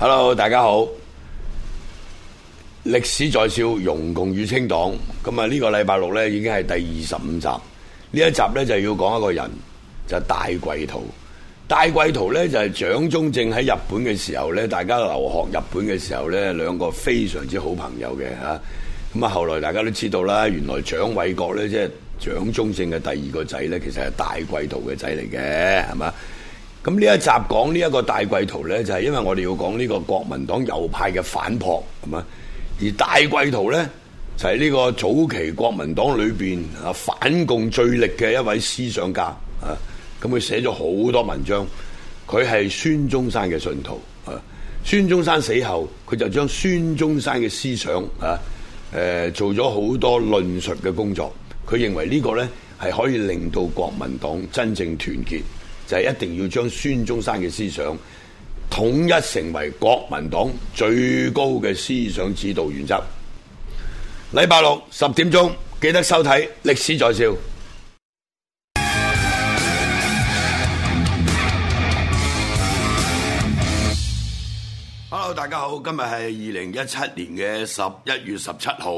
Hello，大家好！歷史在笑，容共與清黨。咁啊，呢個禮拜六咧已經係第二十五集。呢一集咧就要講一個人，就係戴季陶。戴季陶咧就係蔣中正喺日本嘅時候咧，大家留學日本嘅時候咧，兩個非常之好朋友嘅吓。咁啊，後來大家都知道啦，原來蔣緯國咧即係蔣中正嘅第二個仔咧，其實係戴季陶嘅仔嚟嘅，係嘛？咁呢一集講呢一個戴季陶呢，就係因為我哋要講呢個國民黨右派嘅反撲，係嘛？而戴季陶呢，就係呢個早期國民黨裏邊啊反共最力嘅一位思想家啊，咁佢寫咗好多文章，佢係孫中山嘅信徒啊。孫中山死後，佢就將孫中山嘅思想啊誒、呃、做咗好多論述嘅工作，佢認為呢個呢，係可以令到國民黨真正團結。就一定要將孫中山嘅思想統一成為國民黨最高嘅思想指導原則。禮拜六十點鐘記得收睇《歷史在笑》。Hello，大家好，今日係二零一七年嘅十一月十七號。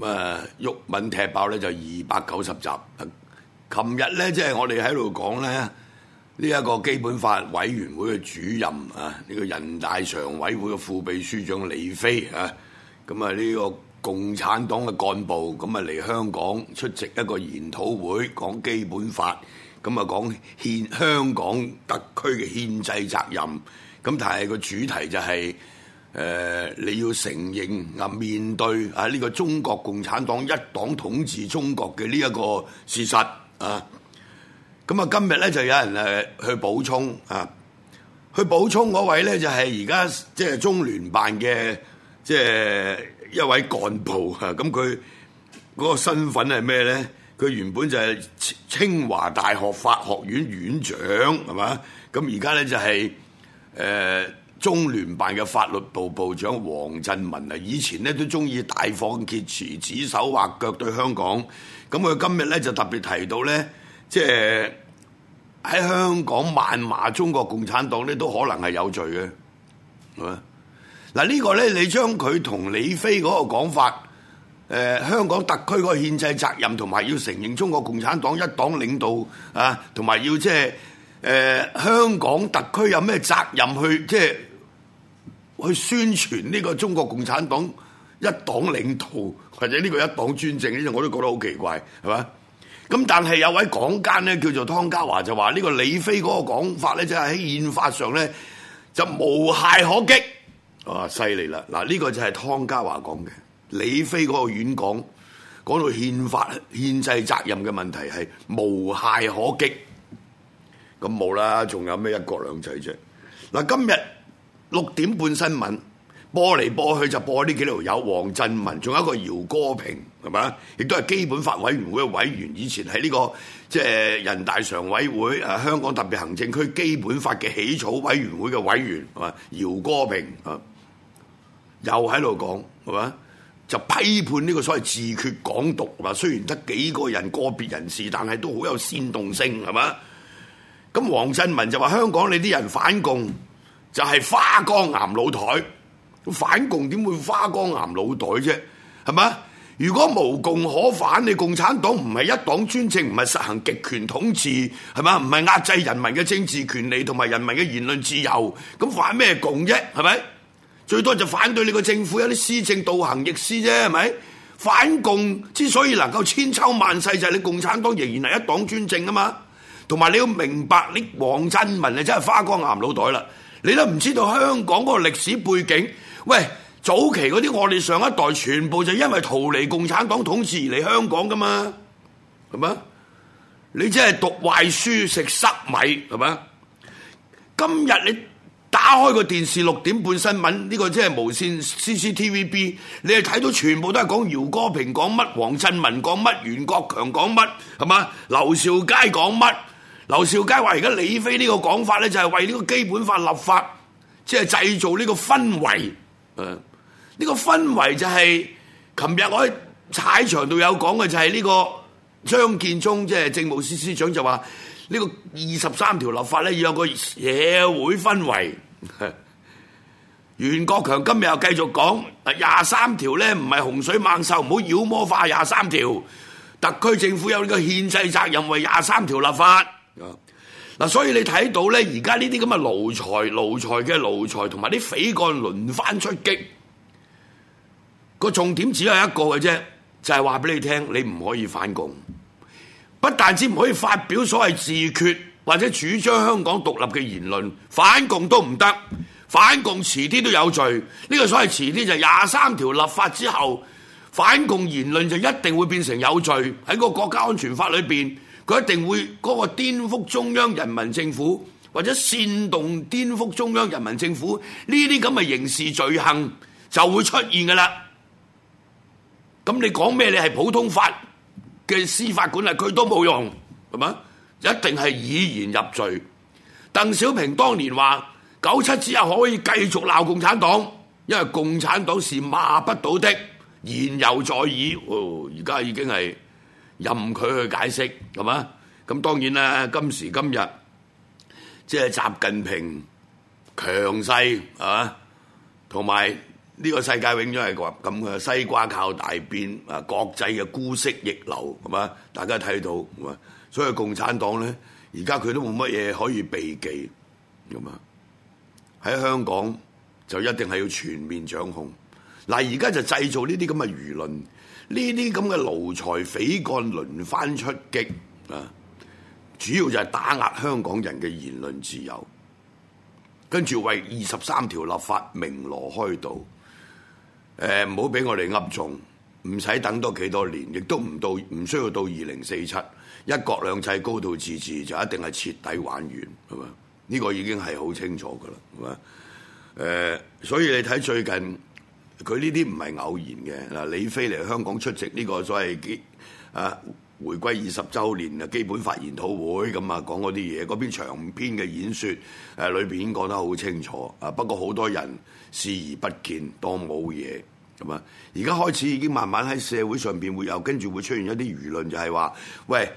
咁啊，毓民踢爆呢就二百九十集。琴日呢，即係我哋喺度講呢。呢一個基本法委員會嘅主任啊，呢個人大常委會嘅副秘書長李飛啊，咁啊呢個共產黨嘅幹部咁啊，嚟香港出席一個研討會講基本法，咁啊講憲香港特區嘅憲制責任，咁、啊、但係個主題就係、是、誒、呃、你要承認啊面對啊呢、這個中國共產黨一黨統治中國嘅呢一個事實啊。咁啊，今日咧就有人誒去補充啊，去補充嗰位咧就係而家即係中聯辦嘅即係一位幹部啊，咁佢嗰個身份係咩咧？佢原本就係清華大學法學院院長，係嘛？咁而家咧就係誒中聯辦嘅法律部部長黃振文啊，以前咧都中意大放厥詞、指手畫腳對香港，咁佢今日咧就特別提到咧，即係。喺香港謾罵中國共產黨咧，都可能係有罪嘅，係嘛？嗱、這個、呢個咧，你將佢同李飛嗰個講法，誒、呃，香港特區嗰個憲制責任，同埋要承認中國共產黨一黨領導啊，同埋要即係，誒、呃，香港特區有咩責任去即係去宣傳呢個中國共產黨一黨領導，或者呢個一黨專政呢？我都覺得好奇怪，係嘛？咁但係有位港奸咧，叫做湯家驊就話呢、這個李飛嗰個講法咧，就係喺憲法上咧就無懈可擊。啊，犀利啦！嗱，呢個就係湯家驊講嘅，李飛嗰個遠講，講到憲法憲制責任嘅問題係無懈可擊。咁冇啦，仲有咩一國兩制啫？嗱、啊，今日六點半新聞。播嚟播去就播呢幾條友，王振文仲有一個姚歌平，係嘛？亦都係基本法委員會嘅委員，以前喺呢、這個即係、就是、人大常委會誒、啊、香港特別行政區基本法嘅起草委員會嘅委員，係姚歌平啊，又喺度講係嘛？就批判呢個所謂自決港獨，話雖然得幾個人個別人士，但係都好有煽動性係嘛？咁王振文就話香港你啲人反共就係花崗岩老台。反共點會花崗岩腦袋啫？係嘛？如果無共可反，你共產黨唔係一黨專政，唔係實行極權統治，係嘛？唔係壓制人民嘅政治權利同埋人民嘅言論自由，咁反咩共啫？係咪？最多就反對你個政府有啲施政倒行逆施啫？係咪？反共之所以能夠千秋萬世，就係你共產黨仍然係一黨專政啊嘛！同埋你要明白，你王振民你真係花崗岩腦袋啦！你都唔知道香港嗰個歷史背景。喂，早期嗰啲我哋上一代全部就因為逃離共產黨統治而嚟香港噶嘛，係嘛？你真係讀壞書食塞米，係嘛？今日你打開個電視六點半新聞，呢個真係無綫 CCTVB，你係睇到全部都係講饒戈平講乜、王振民講乜、袁國強講乜，係嘛？劉兆佳講乜？劉兆佳話而家李飛呢個講法咧，就係為呢個基本法立法，即係製造呢個氛圍。誒，呢個氛圍就係，琴日我喺踩場度有講嘅就係呢個張建宗即係政務司司長就話呢個二十三條立法咧，要有個社會氛圍。 袁國強今日又繼續講廿三條咧唔係洪水猛獸，唔好妖魔化廿三條。特區政府有呢個憲制責任為廿三條立法。所以你睇到咧，而家呢啲咁嘅奴才、奴才嘅奴才，同埋啲匪幹輪番出擊，個重點只有一個嘅啫，就係話俾你聽，你唔可以反共，不但止唔可以發表所謂自決或者主張香港獨立嘅言論，反共都唔得，反共遲啲都有罪。呢個所謂遲啲就廿三條立法之後，反共言論就一定會變成有罪喺嗰個國家安全法裏面。佢一定會嗰、那個顛覆中央人民政府或者煽動顛覆中央人民政府呢啲咁嘅刑事罪行就會出現嘅啦。咁你講咩？你係普通法嘅司法管理，佢都冇用，係嘛？一定係以言入罪。鄧小平當年話：九七之後可以繼續鬧共產黨，因為共產黨是罵不倒的。言猶在耳，而、哦、家已經係。任佢去解釋，係嘛？咁當然啦，今時今日即係習近平強勢，係嘛？同埋呢個世界永遠係話咁嘅，西瓜靠大邊，啊國際嘅姑息逆流，係嘛？大家睇到，係嘛？所以共產黨咧，而家佢都冇乜嘢可以避忌，係嘛？喺香港就一定係要全面掌控。嗱，而家就製造呢啲咁嘅輿論。呢啲咁嘅奴才匪幹輪番出擊啊！主要就係打壓香港人嘅言論自由，跟住為二十三條立法鳴鑼開道。誒、呃，唔好俾我哋噏中，唔使等多幾多年，亦都唔到，唔需要到二零四七一國兩制高度自治就一定係徹底玩完，係嘛？呢個已經係好清楚㗎喇，係嘛？誒、呃，所以你睇最近。佢呢啲唔係偶然嘅，嗱，李飛嚟香港出席呢個所謂基啊，回歸二十週年啊基本法研討會咁啊講嗰啲嘢，嗰篇長篇嘅演説誒裏邊已經講得好清楚啊，不過好多人視而不見當冇嘢咁啊，而家開始已經慢慢喺社會上邊會有跟住會出現一啲輿論就係話喂。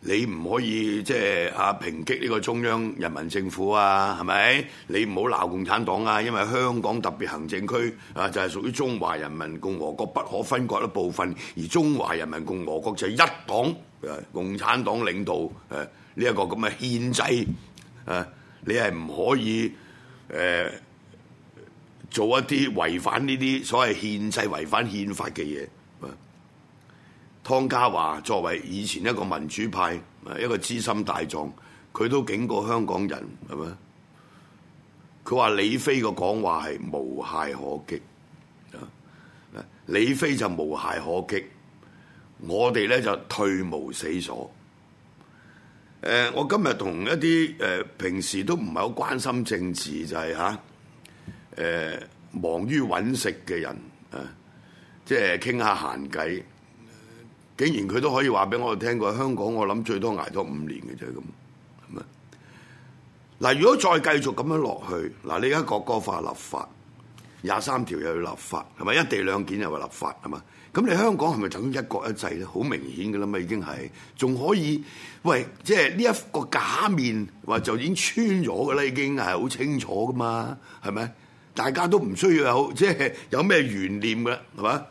你唔可以即係、就是、啊，抨擊呢個中央人民政府啊，係咪？你唔好鬧共產黨啊，因為香港特別行政區啊，就係、是、屬於中華人民共和國不可分割一部分，而中華人民共和國就係一黨，誒，共產黨領導，誒、啊，呢、這、一個咁嘅憲制，誒、啊，你係唔可以誒、啊、做一啲違反呢啲所謂憲制、違反憲法嘅嘢。湯家驊作為以前一個民主派，一個資深大狀，佢都警告香港人係咪？佢話李飛個講話係無懈可擊啊！李飛就無懈可擊，可擊我哋咧就退無死所。誒、呃，我今日同一啲誒、呃、平時都唔係好關心政治，就係嚇誒忙於揾食嘅人啊，即係傾下閒偈。竟然佢都可以話俾我哋聽，個香港我諗最多捱多五年嘅啫，咁係咪？嗱，如果再繼續咁樣落去，嗱，你而家國歌法立法，廿三條又要立法，係咪一地兩檢又話立法係嘛？咁你香港係咪就已經一國一制咧？好明顯嘅啦嘛，已經係仲可以喂，即係呢一個假面話就已經穿咗嘅啦，已經係好清楚嘅嘛，係咪？大家都唔需要有即係有咩懸念嘅，係嘛？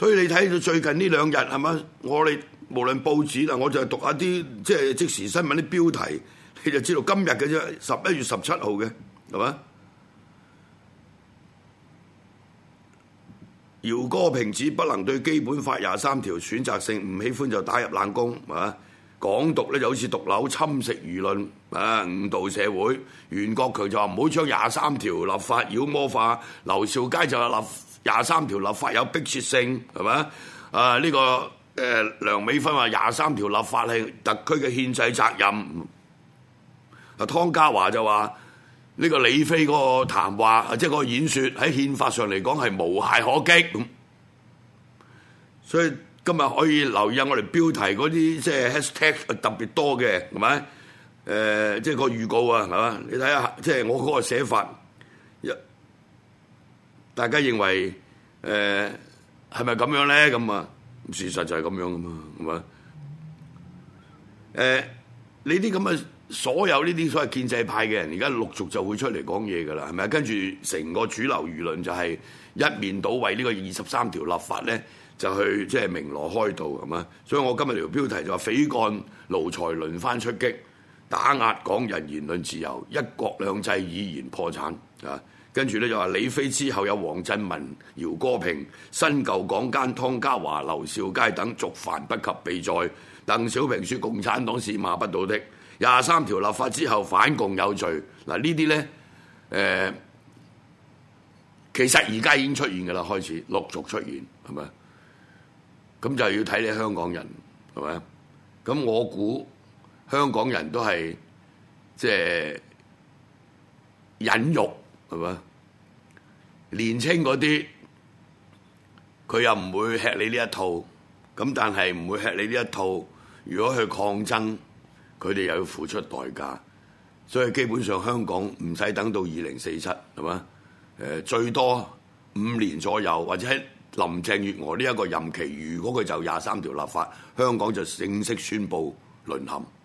所以你睇到最近呢兩日係嘛？我哋無論報紙我就讀下啲即係即時新聞啲標題，你就知道今日嘅十一月十七號嘅係嘛？姚哥平指不能對基本法廿三條選擇性，唔喜歡就打入冷宮，係嘛？港獨就好似毒瘤，侵蝕輿論，啊誤導社會。袁國強就話唔好將廿三條立法妖魔化，劉兆佳就立廿三條立法有迫切性，係嘛？啊呢、這個誒、呃、梁美芬話廿三條立法係特區嘅憲制責任。阿、啊、湯家驊就話呢、這個李飛嗰個談話，啊、即係個演說喺憲法上嚟講係無懈可擊。咁所以今日可以留意下我哋標題嗰啲即係 hashtag 特別多嘅，係咪？誒，即係個預告啊，係嘛、呃？你睇下，即係我嗰個寫法。大家認為誒係咪咁樣咧？咁啊，事實就係咁樣噶嘛，係嘛？誒、呃，呢啲咁嘅所有呢啲所謂建制派嘅人，而家陸續就會出嚟講嘢噶啦，係咪？跟住成個主流輿論就係一面倒為呢個二十三條立法咧，就去即係、就是、鳴鑼開道咁啊！所以我今日條標題就話、是、匪幹奴才輪番出擊，打壓港人言論自由，一國兩制已然破產啊！是跟住咧就話李飛之後有黃振民、饒戈平、新舊港奸湯家驊、劉少佳等，族繁不及備載。鄧小平説：共產黨是罵不倒的。廿三條立法之後反共有罪。嗱呢啲咧誒，其實而家已經出現噶啦，開始陸續出現係咪？咁就要睇你香港人係咪？咁我估香港人都係即係忍辱。係嘛？年輕嗰啲佢又唔會吃你呢一套，咁但係唔會吃你呢一套。如果佢抗爭，佢哋又要付出代價。所以基本上香港唔使等到二零四七，係嘛？最多五年左右，或者林鄭月娥呢一個任期，如果佢就廿三條立法，香港就正式宣布淪陷。